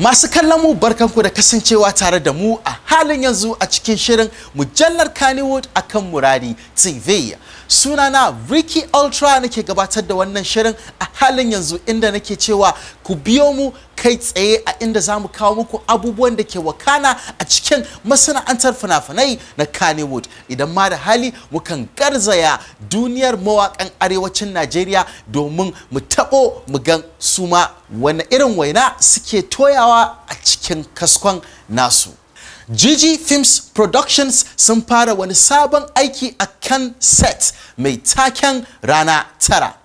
Masu kallon mu barkanku da kasancewa tare da mu a halin yanzu a cikin shirin mujallar Kannywood a kan Muradi TV. Sunana Ricky Ultra nake gabatar da wannan shirin a halin yanzu inda nake cewa ku biyo mu kai tsaye a inda zamu kawo muku abubuwan da ke wakana a cikin masana'antar fina-finai na Kannywood idan ma da hali mukan garzaya duniyar mawakan arewacin Najeriya domin mu taɓo mu gan ma wani irin waina suke toyawa a cikin kaskon nasu. gg Films Productions sun fara wani sabon aiki a kan set mai taken rana tara.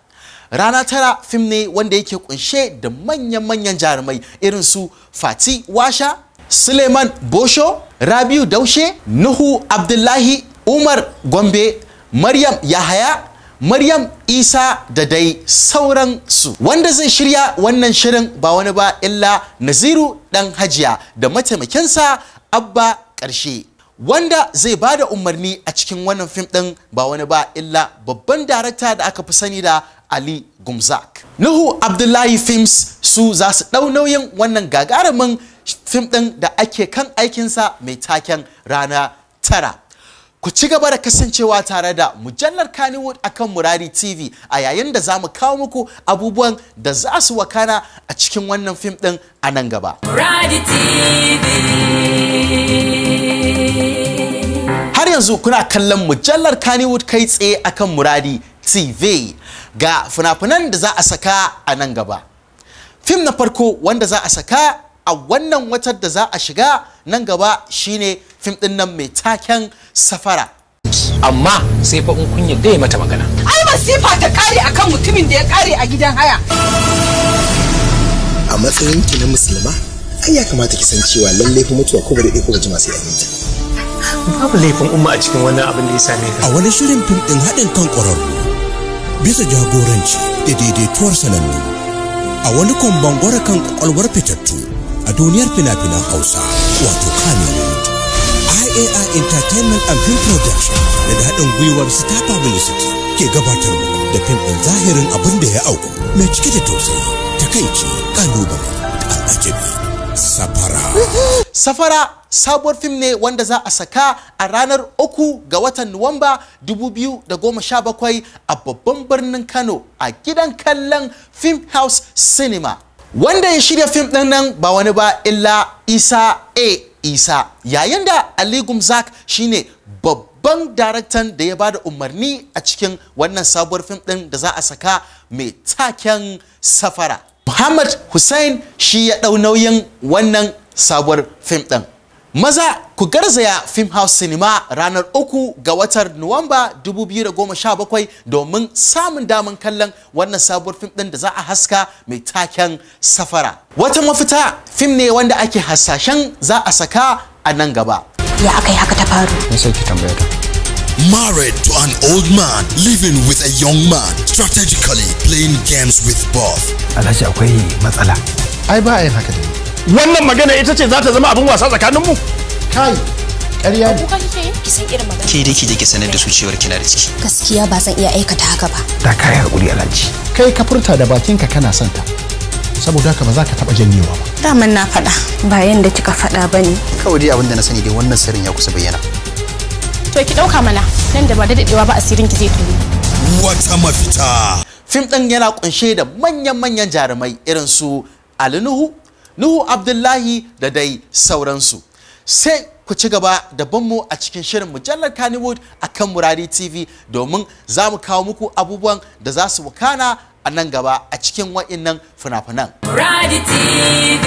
rana tara fim ne wanda yake kunshe da manyan-manyan jarumai irin su fati washa suleiman bosho rabiu daushe nuhu abdullahi umar gombe maryam yahaya maryam isa da dai su. wanda zai shirya wannan shirin ba wani ba illa naziru dan hajiya da mataimakinsa abba ƙarshe wanda zai ba da umarni a cikin wannan fim ɗin ba wani ba illa babban darakta da aka fi sani da Ali Gumzak. Nuhu Abdullahi Films su za su ɗau nauyin wannan gagarumin fim ɗin da ake kan aikinsa mai taken rana tara. Ku ci gaba da kasancewa tare da mujallar Kannywood kan Murari TV a yayin da za mu kawo muku abubuwan da za su wakana a cikin wannan fim ɗin a nan gaba. Murari TV. Har yanzu kuna kallon mujallar Kannywood kai tsaye akan Muradi TV ga fina da za a saka a nan gaba. Fim na farko wanda za a saka a wannan watar da za a shiga nan gaba shine fim din nan mai taken safara. Amma sai fa in kunya dai mata magana. Ai masifa ta kare akan mutumin da ya kare a gidan haya. A matsayin ki na musulma ai ya kamata ki san cewa lalle fa mutuwa ko ba ko jima sai an ta babu laifin umma a cikin wannan abin da ya same ka a wani shirin fim din haɗin kan ƙwararru bisa jagoranci da daidaituwar sanannu a wani kwamban gwara kan kwakwalwar fitattu a duniyar fina-finan hausa wato kanewood aai entertainment and film production da haɗin gwiwar star publicity ke gabatar muku da fim ɗin zahirin abin da ya auku mai cike da tausayi ta kai takaici ƙalubale al'ajabi safara sabuwar fim ne wanda za a saka a ranar uku ga watan nuwamba 2017 a babban birnin kano a gidan kallon film house cinema wanda ya shirya fim ɗin nan ba wani ba illa isa a isa yayin da ali gumzak shine babban daraktan da ya ba da umarni a cikin wannan sabuwar fim ɗin da za a saka mai taken safara muhammad hussein shi ya ɗau nauyin wannan sabuwar fim ɗin maza ku garzaya film house cinema ranar uku ga watan nuwamba 2017 domin samun damar kallon wannan sabuwar fim ɗin da za a haska mai taken safara wata mafita fim ne wanda ake hasashen za a saka a nan gaba ya aka yi haka ta faru Married to an old man, living with a young man, strategically playing games with both. Alhaji akwai matsala. Ai ba a yin haka ni. wannan magana ita ce za ta zama abin wasa tsakanin mu kai ƙarya ne ke da ke je sanar da su cewar kina da ciki gaskiya ba zan iya aikata haka ba da kai hakuri alhaji kai ka furta da bakinka kana santa, saboda haka ba za ka taɓa janyewa ba. Daman na faɗa ba yanda kika faɗa bane. Kawai dai abin da na sani dai wannan sirrin ya kusa bayyana. To ki ɗauka mana nan da ba da dadewa ba asirin ki zai tuni. Wata mafita. Fim ɗin yana ƙunshe da manyan-manyan jarumai irin su Ali Nuhu, nuhu abdullahi da dai sauransu sai ku ci gaba da banmu a cikin shirin mujallar kannywood a kan Muradi tv domin za mu kawo muku abubuwan da za su wakana a nan gaba a cikin wa'innan fina-finan murari tv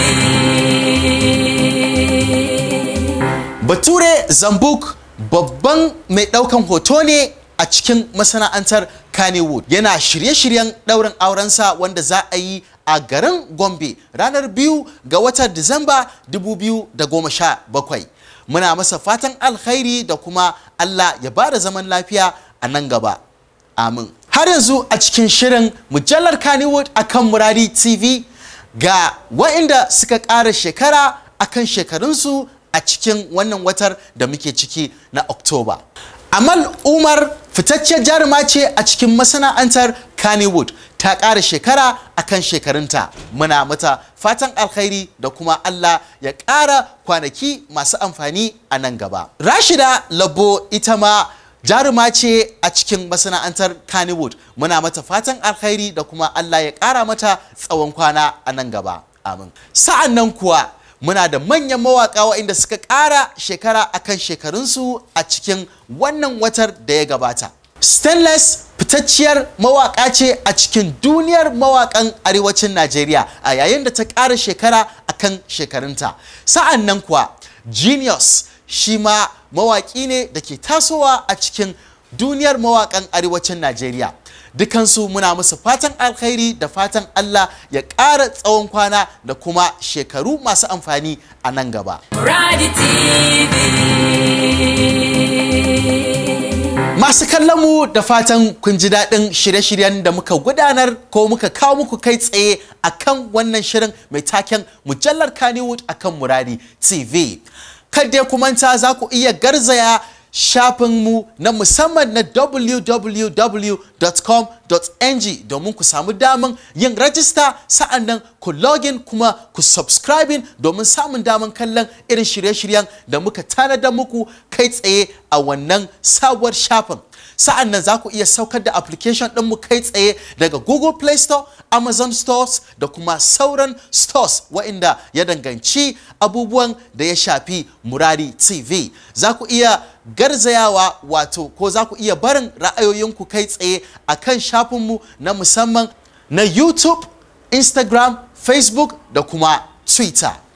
bature zambuk babban mai ɗaukan hoto ne a cikin masana'antar Kannywood yana shirye-shiryen ɗaurin aurensa wanda za a yi a garin Gombe ranar biyu ga watan Disamba 2017. Muna masa fatan alkhairi da kuma Allah ya ba da zaman lafiya a nan gaba. Amin. Har yanzu a cikin shirin mujallar Kannywood a kan Muradi TV ga wa'inda suka ƙara shekara a kan shekarunsu a cikin wannan watar da muke ciki na Oktoba. Amal Umar fitaccen jaruma ce a cikin masana'antar Kannywood ta ƙara shekara a kan shekarunta muna mata fatan alkhairi da kuma Allah ya ƙara kwanaki masu amfani a nan gaba. Rashida Labo ita ma jaruma ce a cikin masana'antar Kannywood muna mata fatan alkhairi da kuma Allah ya ƙara mata tsawon kwana a nan gaba. Amin. Sa'an nan kuwa muna da manyan mawaƙa waɗanda suka ƙara shekara a kan shekarunsu a cikin wannan watar da ya gabata stainless fitacciyar mawaƙa ce a cikin duniyar mawaƙan arewacin najeriya a yayin da ta ƙara shekara a kan shekarunta sa'an nan kuwa genius shi ma mawaƙi ne da ke tasowa a cikin duniyar mawaƙan arewacin najeriya dukansu muna musu fatan alkhairi da fatan Allah ya ƙara tsawon kwana da kuma shekaru masu amfani a nan gaba. Masu kallon mu da fatan kun ji daɗin shirye-shiryen da muka gudanar ko muka kawo muku kai tsaye a kan wannan shirin mai taken mujallar Kannywood kan Muradi TV. Kadai kumanta za ku iya garzaya shafin mu na musamman na www.com.ng domin ku samu daman yin rajista sa'an nan ku login kuma ku subscribing domin samun daman kallon irin shirye-shiryen da muka tanadar muku kai tsaye a wannan sabuwar shafin. sa'an nan za ku iya saukar da application ɗinmu kai tsaye daga google play store amazon stores da kuma sauran stores wa'inda ya danganci abubuwan da ya shafi murari tv za ku iya garzayawa wato ko za ku iya barin ra'ayoyinku kai tsaye a kan shafinmu na musamman na youtube instagram facebook da kuma twitter